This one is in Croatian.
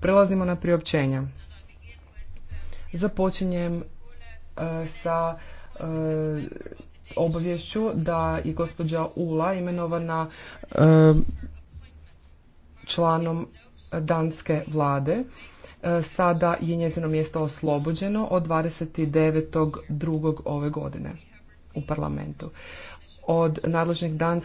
Prelazimo na priopćenja. Započinjem e, sa e, obavješću da je gospođa Ula imenovana e, članom danske vlade. Sada je njezino mjesto oslobođeno od 29.2. ove godine u parlamentu. Od nadležnih danskih